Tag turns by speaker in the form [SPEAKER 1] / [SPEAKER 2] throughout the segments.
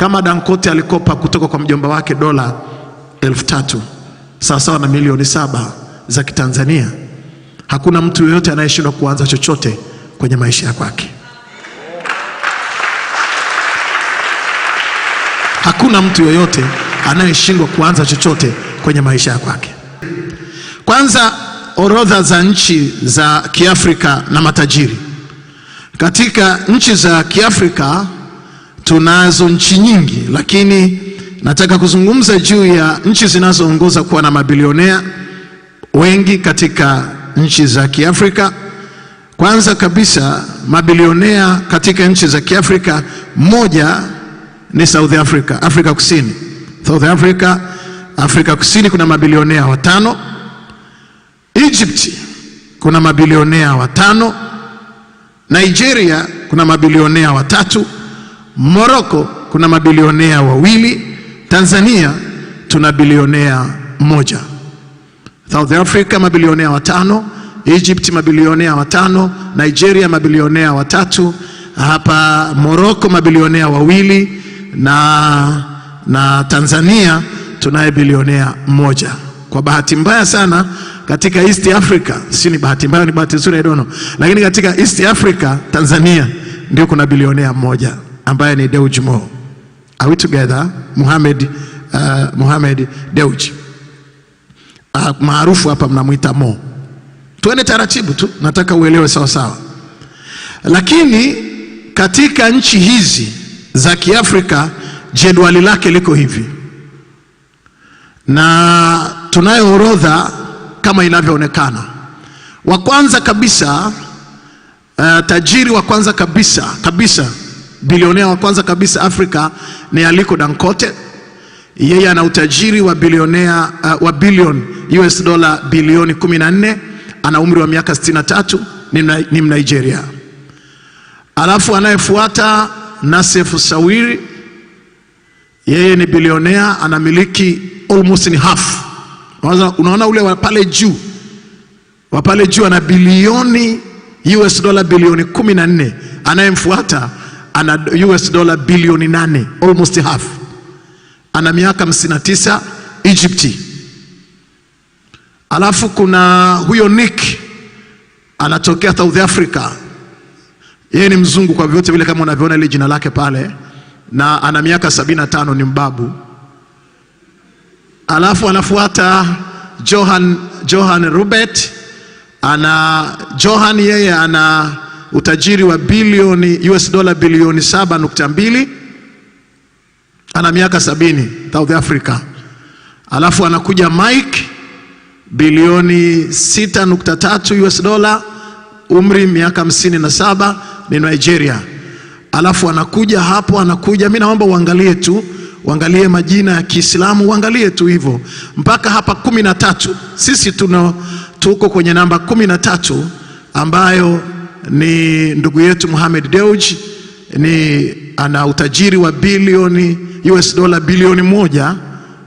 [SPEAKER 1] Kama Dangote alikopa kutoka kwa mjomba wake dola elfu tatu sawasawa na milioni saba za Kitanzania, hakuna mtu yoyote anayeshindwa kuanza chochote kwenye maisha ya kwake. Hakuna mtu yoyote anayeshindwa kuanza chochote kwenye maisha ya kwake. Kwanza, orodha za nchi za Kiafrika na matajiri katika nchi za Kiafrika Tunazo nchi nyingi, lakini nataka kuzungumza juu ya nchi zinazoongoza kuwa na mabilionea wengi katika nchi za Kiafrika. Kwanza kabisa mabilionea katika nchi za Kiafrika, moja ni South Africa, Afrika Kusini. South Africa, Afrika Kusini kuna mabilionea watano. Egypt kuna mabilionea watano. Nigeria kuna mabilionea watatu. Moroko kuna mabilionea wawili, Tanzania tuna bilionea moja South Africa mabilionea watano, Egypt mabilionea watano, Nigeria mabilionea watatu, hapa Moroko mabilionea wawili na, na Tanzania tunaye bilionea moja Kwa bahati mbaya sana katika East Africa, si ni bahati mbaya, ni bahati nzuri, I don't know, lakini katika East Africa Tanzania ndio kuna bilionea mmoja ambaye ni Dewji Mo. Are we together? Muhammad, uh, Muhammad Dewji uh, maarufu hapa mnamwita Mo. Tuende taratibu tu, nataka uelewe sawa sawa. Lakini katika nchi hizi za Kiafrika jedwali lake liko hivi, na tunayo orodha kama inavyoonekana. Wa kwanza kabisa uh, tajiri wa kwanza kabisa kabisa Bilionea wa kwanza kabisa Afrika ni Aliko Dangote. Yeye ana utajiri wa bilionea uh, wa billion US dola bilioni 14. Ana umri wa miaka 63, ni Mnigeria. Alafu anayefuata Nasef Sawiri, yeye ni bilionea, anamiliki almost ni half. Unaona ule wa pale juu, wa pale juu ana bilioni US dola bilioni 14. Anayemfuata ana US dola bilioni nane almost half. Ana miaka 59 Egypt. Alafu kuna huyo Nick anatokea South Africa, yeye ni mzungu kwa vyote vile, kama unavyoona ile jina lake pale, na ana miaka 75, ni mbabu. Alafu anafuata Johan, Johan Rupert ana Johan, yeye ana utajiri wa bilioni US dola bilioni 7.2, ana miaka sabini, South Africa. Alafu anakuja Mike bilioni 6.3 US dola, umri miaka hamsini na saba, ni Nigeria. Alafu anakuja hapo, anakuja mimi naomba uangalie tu uangalie majina ya Kiislamu uangalie tu hivyo mpaka hapa kumi na tatu. Sisi tuna tuko kwenye namba kumi na tatu ambayo ni ndugu yetu Mohamed Dewji, ni ana utajiri wa bilioni US dola bilioni moja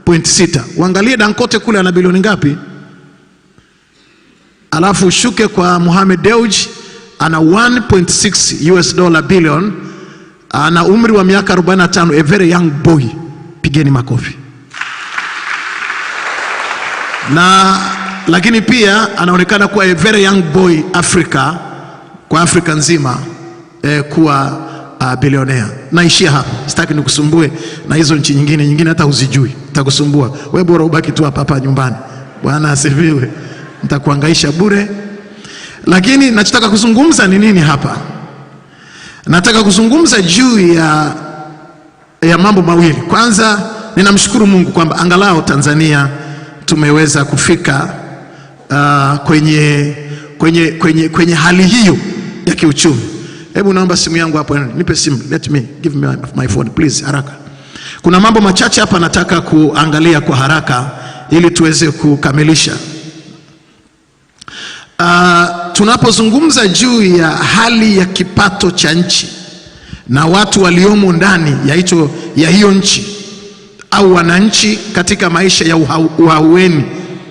[SPEAKER 1] point sita. Uangalie Dangote kule ana bilioni ngapi, alafu ushuke kwa Mohamed Dewji ana 1.6 US dola bilioni, ana umri wa miaka 45, a very young boy. Pigeni makofi na lakini pia anaonekana kuwa a very young boy Africa kwa Afrika nzima eh, kuwa uh, ah, bilionea. Naishia hapa, sitaki nikusumbue na hizo nchi nyingine nyingine, hata huzijui, nitakusumbua wewe, bora ubaki tu hapa hapa nyumbani. Bwana asifiwe, nitakuangaisha bure. Lakini nachotaka kuzungumza ni nini hapa? Nataka kuzungumza juu ya, ya mambo mawili. Kwanza ninamshukuru Mungu kwamba angalau Tanzania tumeweza kufika uh, kwenye, kwenye, kwenye, kwenye hali hiyo ya kiuchumi. Hebu naomba simu yangu hapo, nipe simu, let me give me my phone please, haraka. Kuna mambo machache hapa nataka kuangalia kwa haraka ili tuweze kukamilisha. Uh, tunapozungumza juu ya hali ya kipato cha nchi na watu waliomo ndani ya, hicho ya hiyo nchi au wananchi katika maisha ya uhaueni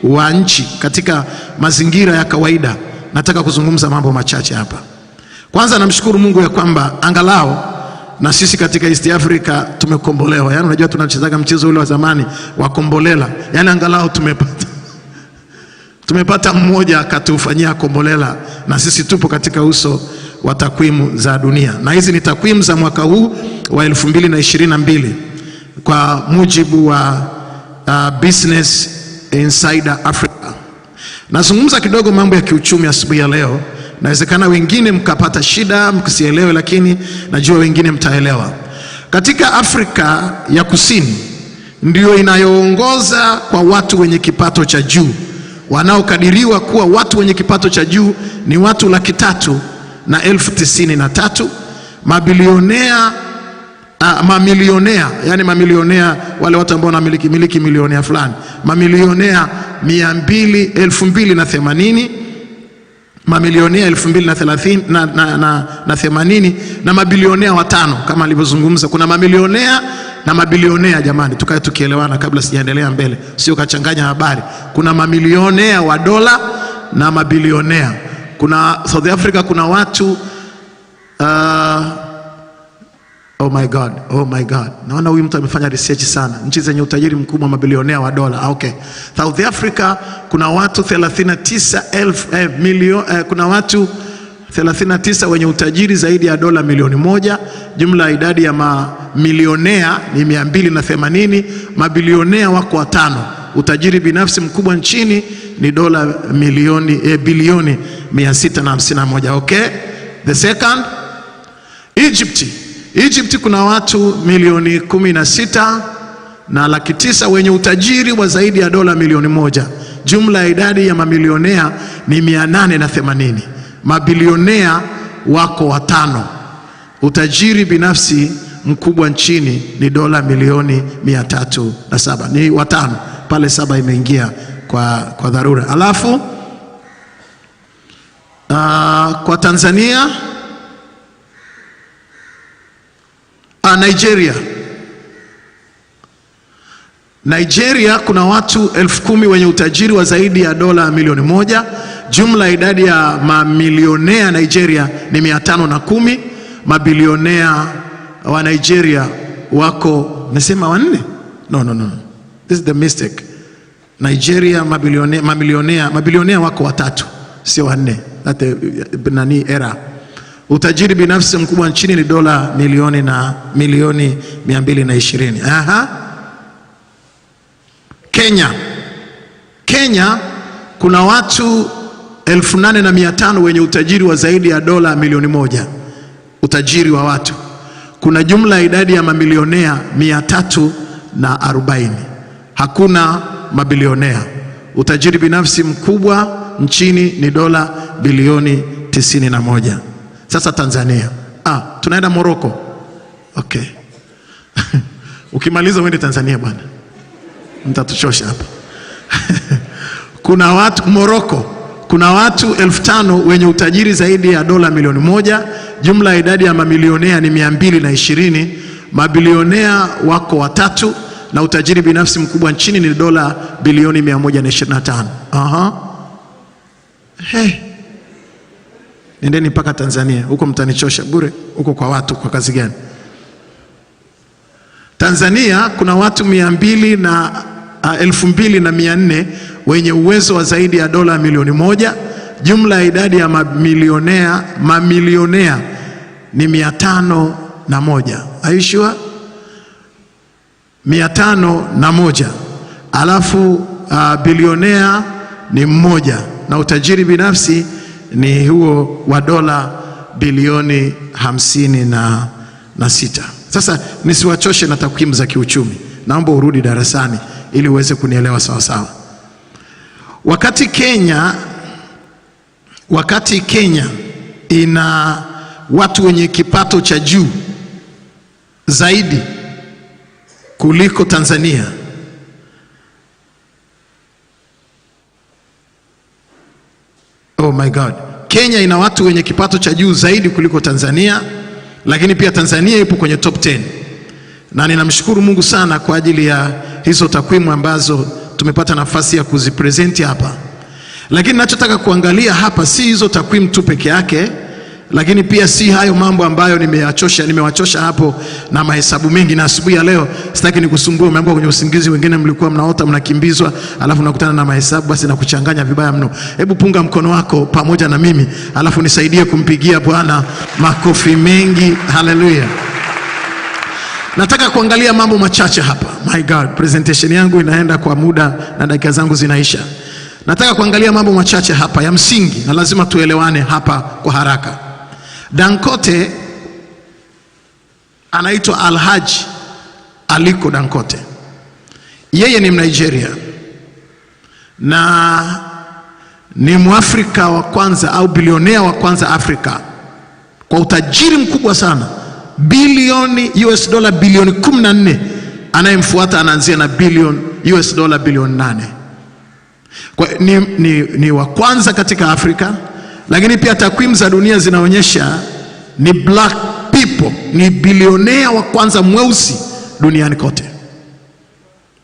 [SPEAKER 1] wa nchi katika mazingira ya kawaida, nataka kuzungumza mambo machache hapa. Kwanza namshukuru Mungu ya kwamba angalau na sisi katika East Africa tumekombolewa. Yaani unajua tunachezaga mchezo ule wa zamani wa kombolela, yaani angalau tumepata tumepata mmoja akatufanyia kombolela, na sisi tupo katika uso wa takwimu za dunia, na hizi ni takwimu za mwaka huu wa 2022 kwa mujibu wa uh, Business Insider Africa. Nazungumza kidogo mambo ya kiuchumi asubuhi ya, ya leo Nawezekana wengine mkapata shida mkisielewe, lakini najua wengine mtaelewa. Katika Afrika ya Kusini ndio inayoongoza kwa watu wenye kipato cha juu, wanaokadiriwa kuwa watu wenye kipato cha juu ni watu laki tatu na elfu tisini na tatu mabilionea Uh, mamilionea yani mamilionea wale watu ambao wanamiliki miliki milionea fulani mamilionea mia mbili elfu mbili na themanini mamilionea elfu mbili na thelathini na, na, na, na themanini na mabilionea watano kama alivyozungumza. Kuna mamilionea na mabilionea jamani, tukae tukielewana kabla sijaendelea mbele, sio kachanganya habari. Kuna mamilionea wa dola na mabilionea. Kuna South Africa kuna watu uh, Oh my God, oh my God. Naona huyu mtu amefanya research sana. Nchi zenye utajiri mkubwa mabilionea wa dola. Ah, okay. South Africa kuna watu 39,000 eh, milioni eh, kuna watu 39 wenye utajiri zaidi ya dola milioni moja. Jumla ya idadi ya mamilionea ni 280, mabilionea wako watano. Utajiri binafsi mkubwa nchini ni dola milioni eh, bilioni 651. Okay? The second Egypt Egypt kuna watu milioni kumi na sita na laki tisa wenye utajiri wa zaidi ya dola milioni moja. Jumla ya idadi ya mamilionea ni na themanini. Mabilionea wako watano. Utajiri binafsi mkubwa nchini ni dola milioni mia tatu na saba, ni watano pale, saba imeingia kwa, kwa dharura. Alafu uh, kwa Tanzania Nigeria. Nigeria kuna watu elfu kumi wenye utajiri wa zaidi ya dola milioni moja. Jumla idadi ya mamilionea Nigeria ni mia tano na kumi. Mabilionea wa Nigeria wako nasema wanne? No, no, no. This is the mistake. Nigeria mabilionea, mabilionea, mabilionea wako watatu sio wanne. Uh, nani era Utajiri binafsi mkubwa nchini ni dola milioni na milioni ishirini. Aha. Kenya, Kenya kuna watu na tano wenye utajiri wa zaidi ya dola milioni moja. Utajiri wa watu kuna jumla ya idadi ya mamilionea na 340, hakuna mabilionea. Utajiri binafsi mkubwa nchini ni dola bilioni 91. Sasa Tanzania, ah, tunaenda Morocco. Okay. Ukimaliza uende Tanzania bwana, mtatuchosha hapa kuna watu Moroko, kuna watu elfu tano wenye utajiri zaidi ya dola milioni moja. Jumla ya idadi ya mamilionea ni mia mbili na ishirini. Mabilionea wako watatu, na utajiri binafsi mkubwa nchini ni dola bilioni 125. Aha. Hey. Nendeni mpaka Tanzania, huko mtanichosha bure. Huko kwa watu kwa kazi gani? Tanzania kuna watu mia mbili na elfu mbili na mia nne wenye uwezo wa zaidi ya dola milioni moja. Jumla ya idadi ya mamilionea mamilionea ni mia tano na moja. Aishua mia tano na moja, alafu uh, bilionea ni mmoja na utajiri binafsi ni huo wa dola bilioni hamsini na, na sita. Sasa nisiwachoshe na takwimu za kiuchumi, naomba urudi darasani ili uweze kunielewa sawasawa. Wakati Kenya, wakati Kenya ina watu wenye kipato cha juu zaidi kuliko Tanzania Oh my God. Kenya ina watu wenye kipato cha juu zaidi kuliko Tanzania, lakini pia Tanzania ipo kwenye top 10. Na ninamshukuru Mungu sana kwa ajili ya hizo takwimu ambazo tumepata nafasi ya kuzipresenti hapa, lakini ninachotaka kuangalia hapa si hizo takwimu tu peke yake lakini pia si hayo mambo ambayo nimeyachosha, nimewachosha hapo na mahesabu mengi, na asubuhi ya leo sitaki nikusumbue. Umeamka kwenye usingizi, wengine mlikuwa mnaota mnakimbizwa, alafu nakutana na mahesabu, basi nakuchanganya vibaya mno. Hebu punga mkono wako pamoja na mimi, alafu nisaidie kumpigia Bwana makofi mengi. Haleluya! Nataka kuangalia mambo machache hapa. My God, presentation yangu inaenda kwa muda na dakika zangu zinaisha. Nataka kuangalia mambo machache hapa ya msingi, na lazima tuelewane hapa kwa haraka. Dangote anaitwa Alhaji Aliko Dangote, yeye ni Mnigeria na ni Mwafrika wa kwanza au bilionea wa kwanza Afrika kwa utajiri mkubwa sana, bilioni US dola bilioni 14. Anayemfuata anaanzia na bilioni US dola bilioni 8. Kwa, ni, ni, ni wa kwanza katika Afrika lakini pia takwimu za dunia zinaonyesha ni black people ni bilionea wa kwanza mweusi duniani kote,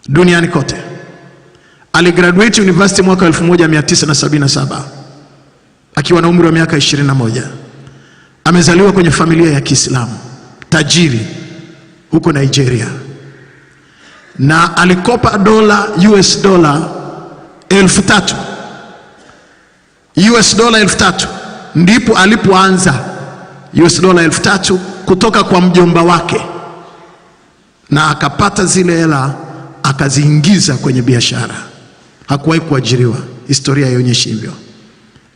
[SPEAKER 1] duniani kote. Aligraduate university mwaka 1977 akiwa na umri wa miaka 21. Amezaliwa kwenye familia ya Kiislamu tajiri huko Nigeria, na alikopa dola US dola elfu tatu US dola elfu tatu ndipo alipoanza US dola elfu tatu kutoka kwa mjomba wake, na akapata zile hela akaziingiza kwenye biashara. Hakuwahi kuajiriwa, historia haionyeshi hivyo.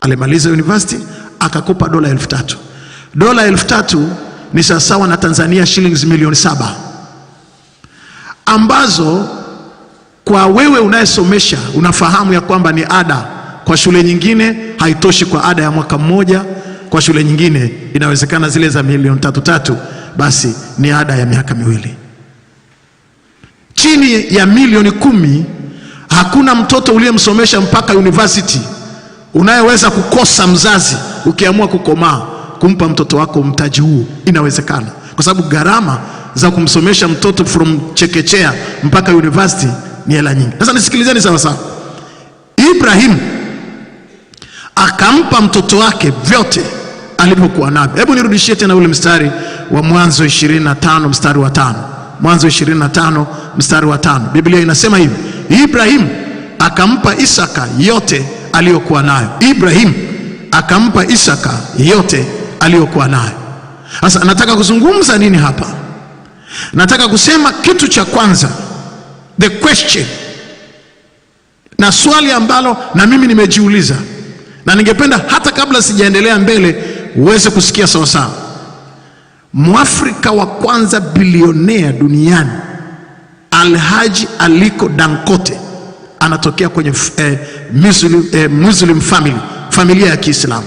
[SPEAKER 1] Alimaliza university akakopa dola elfu tatu. Dola elfu tatu ni sawasawa na Tanzania shillings milioni saba ambazo kwa wewe unayesomesha unafahamu ya kwamba ni ada kwa shule nyingine haitoshi kwa ada ya mwaka mmoja, kwa shule nyingine inawezekana zile za milioni tatu tatu, basi ni ada ya miaka miwili. Chini ya milioni kumi hakuna mtoto uliyemsomesha mpaka university unayeweza kukosa mzazi ukiamua kukomaa kumpa mtoto wako mtaji huu. Inawezekana kwa sababu gharama za kumsomesha mtoto from chekechea mpaka university ni hela nyingi. Sasa nisikilizeni sawa sawa, Ibrahim akampa mtoto wake vyote alivyokuwa navyo. Hebu nirudishie tena ule mstari wa Mwanzo 25 mstari wa tano. Mwanzo 25 mstari wa tano, Biblia inasema hivi, Ibrahimu akampa Isaka yote aliyokuwa nayo. Ibrahimu akampa Isaka yote aliyokuwa nayo. Sasa nataka kuzungumza nini hapa? Nataka kusema kitu cha kwanza, the question na swali ambalo na mimi nimejiuliza na ningependa hata kabla sijaendelea mbele uweze kusikia sawasawa. Mwafrika wa kwanza bilionea duniani Alhaji Aliko Dangote anatokea kwenye eh, Muslim, eh, Muslim family, familia ya Kiislamu.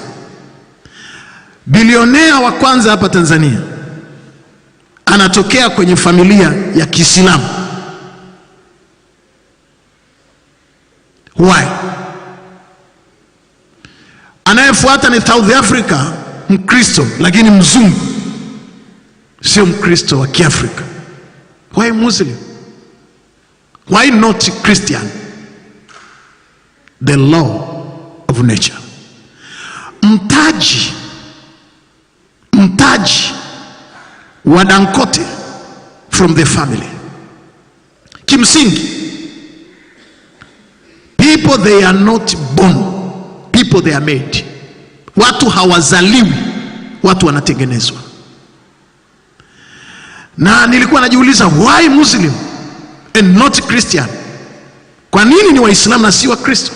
[SPEAKER 1] Bilionea wa kwanza hapa Tanzania anatokea kwenye familia ya Kiislamu. Why? Anayefuata ni South Africa, Mkristo lakini mzungu, sio Mkristo wa Kiafrika. Why Muslim? Why not Christian? The law of nature. Mtaji, mtaji wa Dangote from the family. Kimsingi people they are not born people they are made. Watu hawazaliwi, watu wanatengenezwa. Na nilikuwa najiuliza why Muslim and not Christian, kwa nini ni Waislamu na si Wakristo?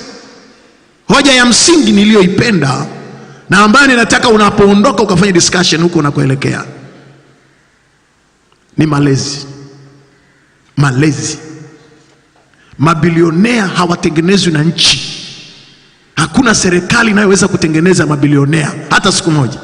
[SPEAKER 1] Hoja ya msingi niliyoipenda na ambayo ninataka unapoondoka ukafanya discussion huko unakoelekea ni malezi. Malezi, mabilionea hawatengenezwi na nchi Hakuna serikali inayoweza kutengeneza mabilionea hata siku moja.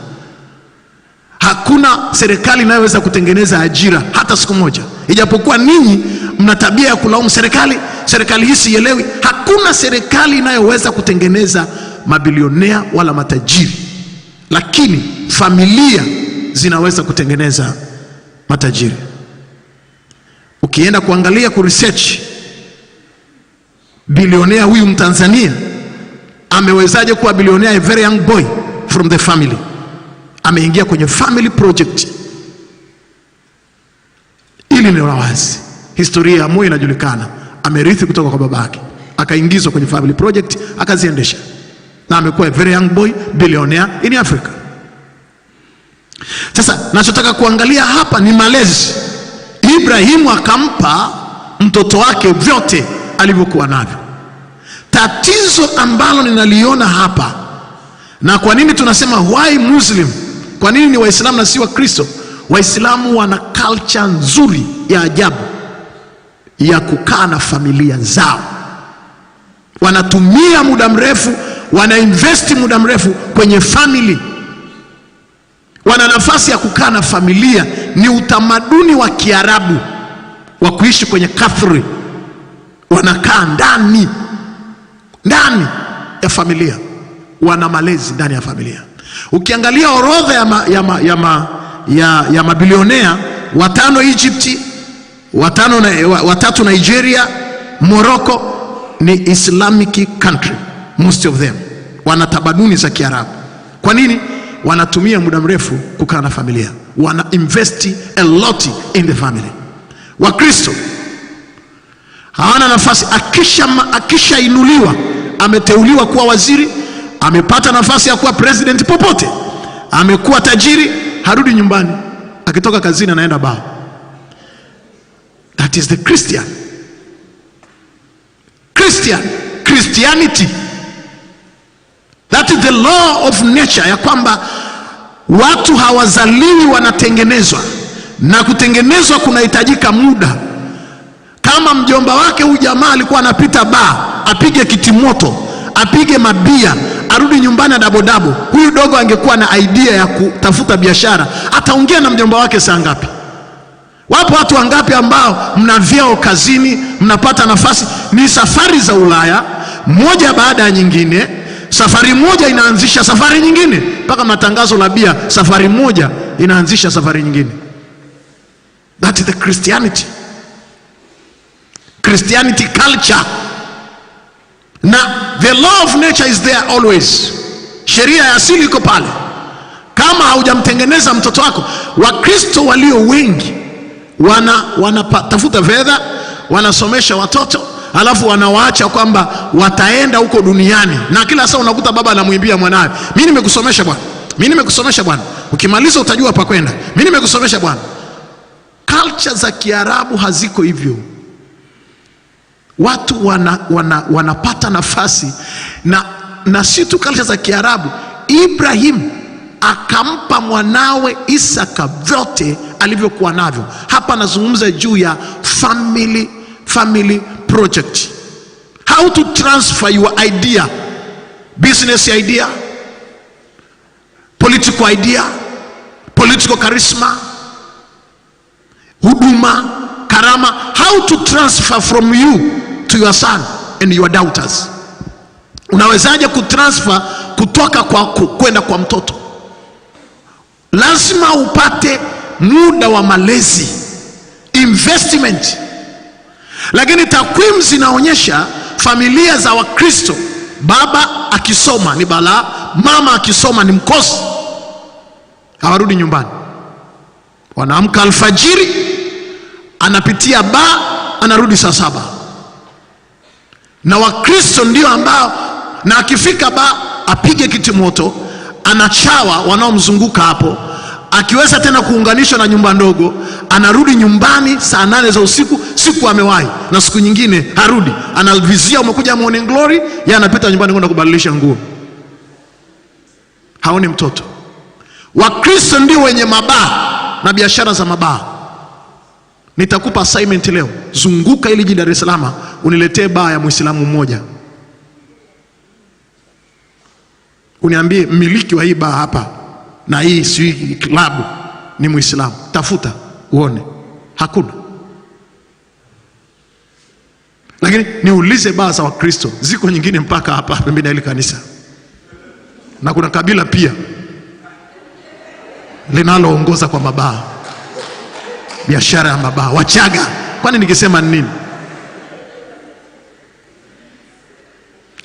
[SPEAKER 1] Hakuna serikali inayoweza kutengeneza ajira hata siku moja, ijapokuwa ninyi mna tabia ya kulaumu serikali, serikali hii sielewi. Hakuna serikali inayoweza kutengeneza mabilionea wala matajiri, lakini familia zinaweza kutengeneza matajiri. Ukienda kuangalia research bilionea huyu mtanzania amewezaje kuwa bilionea, a very young boy from the family, ameingia kwenye family project. Ili ni la wazi, historia ya moyo inajulikana, amerithi kutoka kwa babake, akaingizwa kwenye family project, akaziendesha na amekuwa a very young boy billionaire in Africa. Sasa nachotaka kuangalia hapa ni malezi. Ibrahimu akampa mtoto wake vyote alivyokuwa navyo. Tatizo ambalo ninaliona hapa na kwa nini tunasema why Muslim, kwa nini ni Waislamu na si Wakristo? Waislamu wana culture nzuri ya ajabu ya kukaa na familia zao, wanatumia muda mrefu, wanainvesti muda mrefu kwenye family, wana nafasi ya kukaa na familia. Ni utamaduni wa Kiarabu wa kuishi kwenye kathri, wanakaa ndani ndani ya familia, wana malezi ndani ya familia. Ukiangalia orodha ya, ma, ya, ma, ya, ma, ya, ya mabilionea watano Egypt, watano na, watatu Nigeria, Morocco ni Islamic country most of them, wana tamaduni za Kiarabu. Kwa nini? Wanatumia muda mrefu kukaa na familia, wana invest a lot in the family. Wakristo hawana nafasi, akishainuliwa akisha ameteuliwa kuwa waziri, amepata nafasi ya kuwa president popote, amekuwa tajiri, harudi nyumbani, akitoka kazini anaenda baa. That is the Christian. Christian, Christianity. That is the law of nature, ya kwamba watu hawazaliwi wanatengenezwa, na kutengenezwa kunahitajika muda. Kama mjomba wake huyu jamaa alikuwa anapita baa apige kitimoto, apige mabia, arudi nyumbani adabodabo. Huyu dogo angekuwa na idea ya kutafuta biashara, ataongea na mjomba wake saa ngapi? Wapo watu wangapi ambao mna vyao kazini, mnapata nafasi, ni safari za Ulaya moja baada ya nyingine. Safari moja inaanzisha safari nyingine, mpaka matangazo la bia. Safari moja inaanzisha safari nyingine. That is the Christianity, Christianity culture na the law of nature is there always. Sheria ya asili iko pale. Kama haujamtengeneza mtoto wako, Wakristo walio wengi wanatafuta fedha, wanasomesha watoto alafu wanawaacha kwamba wataenda huko duniani, na kila saa unakuta baba anamwimbia mwanawe, mimi nimekusomesha bwana, mimi nimekusomesha bwana, ukimaliza utajua pa kwenda, mimi nimekusomesha bwana. Culture za Kiarabu haziko hivyo watu wana, wana, wanapata nafasi na, na si tu kalcha za Kiarabu. ibrahim akampa mwanawe Isaka vyote alivyokuwa navyo. Hapa anazungumza juu ya family, family project, how to transfer your idea, business idea, political idea, political charisma, huduma, karama, how to transfer from you to your son and your daughters. Unawezaje kutransfer kutoka kwa kwenda kwa mtoto? Lazima upate muda wa malezi investment. Lakini takwimu zinaonyesha familia za Wakristo, baba akisoma ni balaa, mama akisoma ni mkosi, hawarudi nyumbani. Wanaamka alfajiri, anapitia ba anarudi saa saba na Wakristo ndio ambao, na akifika ba apige kitimoto, anachawa wanaomzunguka hapo, akiweza tena kuunganishwa na nyumba ndogo, anarudi nyumbani saa nane za usiku, siku amewahi na siku nyingine harudi, anavizia umekuja morning glory, yeye anapita nyumbani kwenda kubadilisha nguo, haoni mtoto. Wakristo ndio wenye mabaa na biashara za mabaa. Nitakupa assignment leo, zunguka ili jiji Dar es Salaam uniletee baa ya Muislamu mmoja, uniambie mmiliki wa hii baa hapa na hii si klabu ni Muislamu, tafuta uone. Hakuna, lakini niulize baa za Wakristo ziko nyingine mpaka hapa pembeni ya ile kanisa, na kuna kabila pia linaloongoza kwa mabaa biashara ya mabaa Wachaga. Kwani nikisema nini?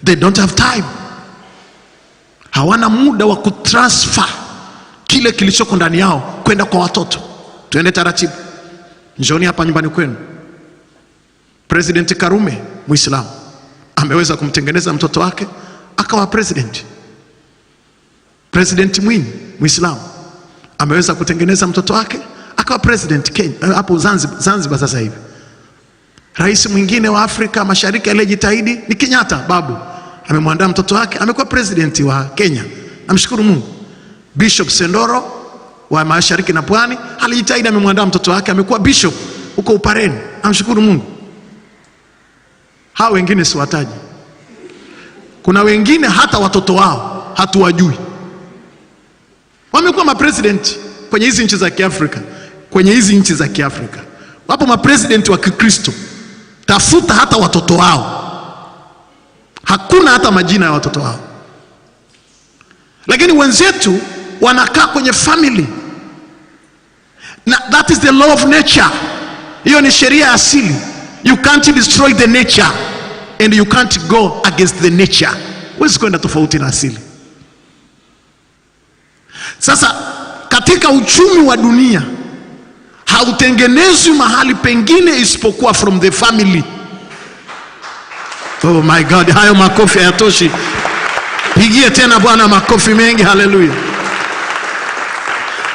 [SPEAKER 1] They don't have time, hawana muda wa kutransfer kile kilichoko ndani yao kwenda kwa watoto. Tuende taratibu, njoni hapa nyumbani kwenu. President Karume Muislamu ameweza kumtengeneza mtoto wake akawa president. President Mwinyi Muislamu ameweza kutengeneza mtoto wake akawa president Kenya eh, hapo Zanzibar, Zanzibar sasa hivi. Rais mwingine wa Afrika Mashariki aliyejitahidi ni Kenyatta babu, amemwandaa mtoto wake, amekuwa president wa Kenya, namshukuru Mungu. Bishop Sendoro wa Mashariki na Pwani alijitahidi, amemwandaa mtoto wake, amekuwa bishop huko Upareni, namshukuru Mungu. Hao wengine siwataji. Kuna wengine hata watoto wao hatuwajui, wamekuwa mapresidenti kwenye hizi nchi za Kiafrika kwenye hizi nchi za Kiafrika. Wapo mapresidenti wa Kikristo, tafuta hata watoto wao, hakuna hata majina ya watoto wao, lakini wenzetu wanakaa kwenye family na that is the law of nature. Hiyo ni sheria ya asili. You can't destroy the nature and you can't go against the nature. Huwezi kwenda tofauti na asili. Sasa katika uchumi wa dunia hautengenezwi mahali pengine isipokuwa from the family. Oh my God, hayo makofi hayatoshi. Pigie tena Bwana makofi mengi, haleluya.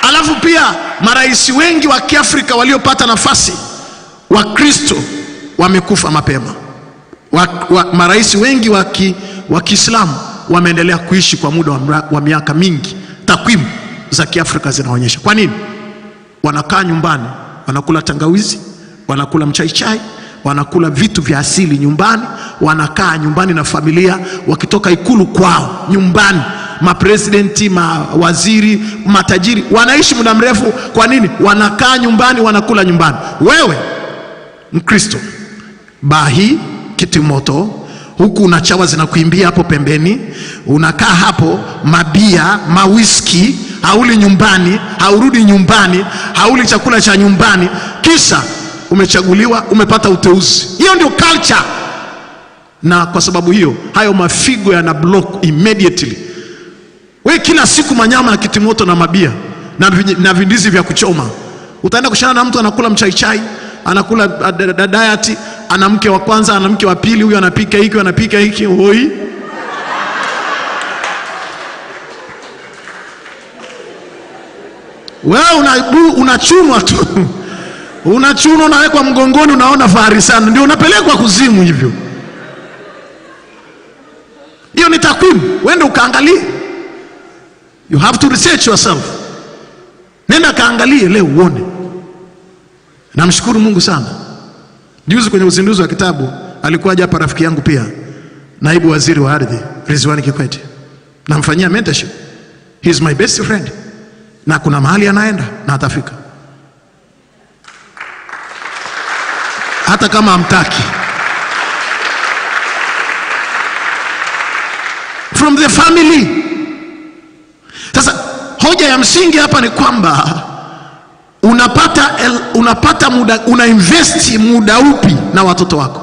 [SPEAKER 1] Alafu pia marais wengi wa Kiafrika waliopata nafasi Wakristo wamekufa mapema wa, wa, marais wengi wa Kiislamu wameendelea kuishi kwa muda wa, wa miaka mingi. Takwimu za Kiafrika zinaonyesha. Kwa nini? wanakaa nyumbani, wanakula tangawizi, wanakula mchaichai, wanakula vitu vya asili nyumbani, wanakaa nyumbani na familia, wakitoka ikulu kwao nyumbani mapresidenti mawaziri, matajiri wanaishi muda mrefu. Kwa nini? Wanakaa nyumbani, wanakula nyumbani. Wewe Mkristo, baa hii kitimoto huku una chawa zinakuimbia hapo pembeni, unakaa hapo, mabia mawiski, hauli nyumbani, haurudi nyumbani, hauli chakula cha nyumbani, kisha umechaguliwa, umepata uteuzi. Hiyo ndio culture, na kwa sababu hiyo hayo mafigo yana block immediately. We kila siku manyama ya kitimoto na mabia na, na vindizi vya kuchoma, utaenda kushana na mtu anakula mchaichai, anakula uh, diet ana mke wa kwanza, ana mke wa pili, huyu anapika hiki, anapika hiki, hoi wewe unachunwa tu unachunwa, unawekwa mgongoni, unaona fahari sana, ndio unapelekwa kuzimu. Hivyo hiyo ni takwimu, wende ukaangalie, you have to research yourself. Nenda kaangalie leo uone. Namshukuru Mungu sana. Juzi kwenye uzinduzi wa kitabu alikuwaje hapa rafiki yangu pia naibu waziri wa ardhi Ridhiwani Kikwete, namfanyia mentorship, he is my best friend, na kuna mahali anaenda na atafika, hata kama amtaki. From the family. Sasa hoja ya msingi hapa ni kwamba unapata, unapata muda, una invest muda upi na watoto wako?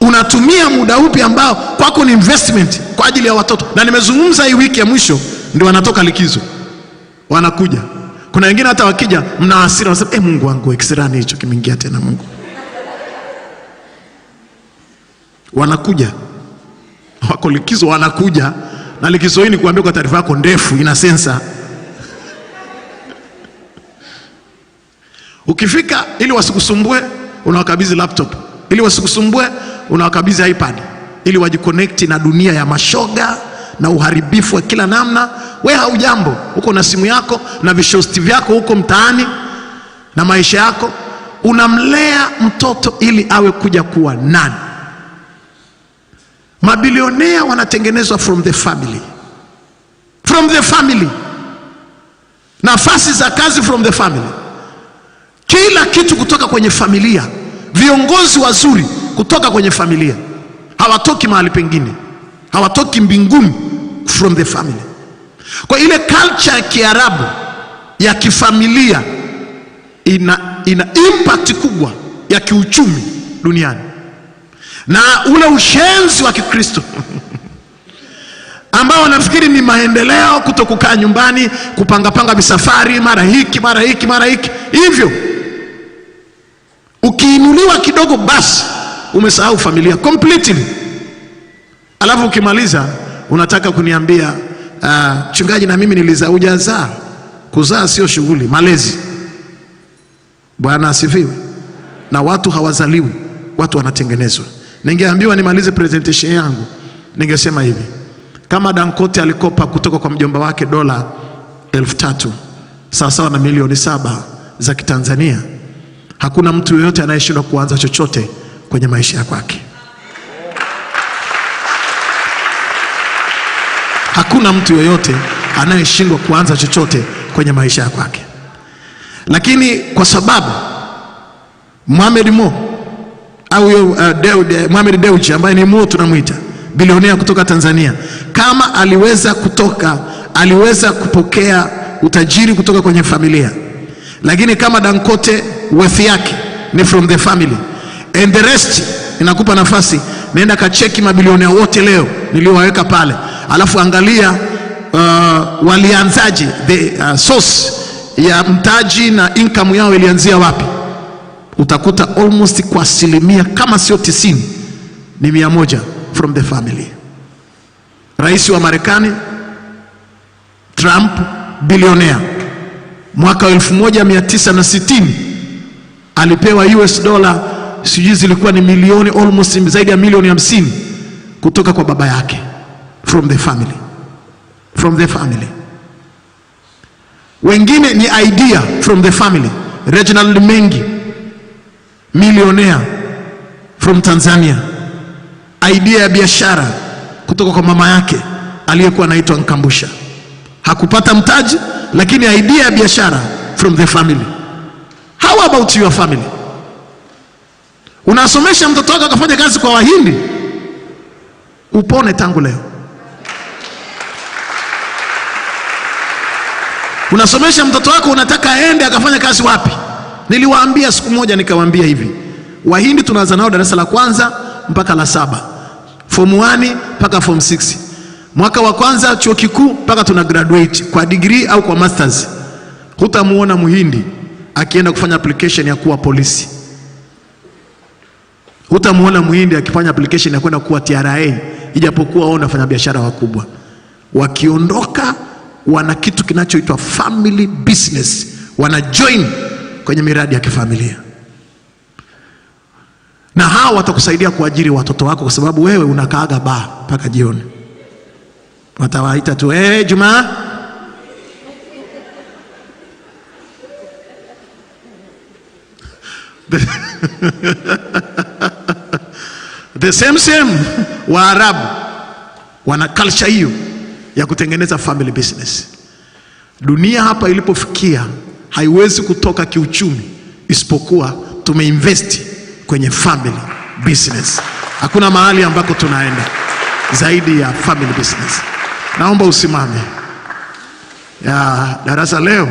[SPEAKER 1] Unatumia muda upi ambao kwako ni investment kwa ajili ya watoto? Na nimezungumza hii wiki ya mwisho, ndio wanatoka likizo, wanakuja. Kuna wengine hata wakija, mna hasira, wanasema eh, Mungu wangu eksirani hicho kimeingia tena Mungu. Wanakuja, wako likizo, wanakuja na likizo hii, ni kuambia kwa taarifa yako ndefu, ina sensa Ukifika ili wasikusumbue, unawakabidhi laptop, ili wasikusumbue, unawakabidhi iPad, ili wajikonekti na dunia ya mashoga na uharibifu wa kila namna. We haujambo, uko na simu yako na vishosti vyako huko mtaani na maisha yako. Unamlea mtoto ili awe kuja kuwa nani? Mabilionea wanatengenezwa from the family, from the family, nafasi za kazi from the family kila kitu kutoka kwenye familia. Viongozi wazuri kutoka kwenye familia, hawatoki mahali pengine, hawatoki mbinguni, from the family. Kwa ile culture ya Kiarabu ya kifamilia ina, ina impact kubwa ya kiuchumi duniani na ule ushenzi wa Kikristo ambao wanafikiri ni maendeleo, kuto kukaa nyumbani, kupangapanga misafari, mara hiki mara hiki mara hiki hivyo Ukiinuliwa kidogo, basi umesahau familia completely. Alafu ukimaliza unataka kuniambia uh, ah, chungaji, na mimi nilizaa. Hujazaa, kuzaa sio shughuli, malezi. Bwana asifiwe. Na watu hawazaliwi, watu wanatengenezwa. Ningeambiwa nimalize presentation yangu, ningesema hivi kama Dangote alikopa kutoka kwa mjomba wake dola elfu tatu sawasawa na milioni saba za Kitanzania Hakuna mtu yoyote anayeshindwa kuanza chochote kwenye maisha ya kwake. Hakuna mtu yoyote anayeshindwa kuanza chochote kwenye maisha ya kwake, lakini kwa sababu Mohamed Mo au uh, Deu, Mohamed Deuji ambaye ni Mo tunamwita bilionea kutoka Tanzania, kama aliweza kutoka, aliweza kupokea utajiri kutoka kwenye familia lakini kama Dangote wealth yake ni from the family and the rest, inakupa nafasi nenda kacheki mabilionea wote leo niliowaweka pale, alafu angalia uh, walianzaje the uh, source ya mtaji na income yao ilianzia wapi. Utakuta almost kwa asilimia kama sio tisini ni mia moja from the family. Rais wa Marekani Trump bilionea mwaka 1960 alipewa US dola sijui zilikuwa ni milioni almost zaidi ya milioni hamsini kutoka kwa baba yake from the family, from the family. Wengine ni idea from the family. Reginald Mengi millionaire from Tanzania, idea ya biashara kutoka kwa mama yake aliyekuwa anaitwa Nkambusha hakupata mtaji, lakini idea ya biashara from the family. How about your family? Unasomesha mtoto wako akafanya kazi kwa Wahindi, upone tangu leo. Unasomesha mtoto wako, unataka aende akafanya kazi wapi? Niliwaambia siku moja, nikawaambia hivi, Wahindi tunaanza nao darasa la kwanza mpaka la saba, form 1 mpaka form 6 Mwaka wa kwanza chuo kikuu mpaka tuna graduate kwa degree au kwa masters, hutamuona muhindi akienda kufanya application ya kuwa polisi, hutamuona muhindi akifanya application ya kwenda kuwa TRA, ijapokuwa wao wanafanya biashara wakubwa. Wakiondoka wana kitu kinachoitwa family business, wana join kwenye miradi ya kifamilia, na hawa watakusaidia kuajiri watoto wako, kwa sababu wewe unakaaga baa mpaka jioni watawaita tu hey, eh, Jumaa. The same same Waarabu wana culture hiyo ya kutengeneza family business. Dunia hapa ilipofikia haiwezi kutoka kiuchumi isipokuwa tumeinvesti kwenye family business. Hakuna mahali ambako tunaenda zaidi ya family business. Naomba usimame. Ya darasa leo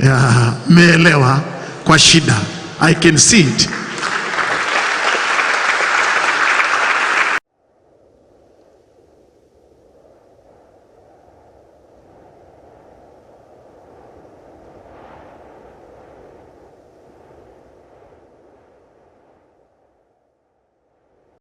[SPEAKER 1] ya mmeelewa kwa shida. I can see it.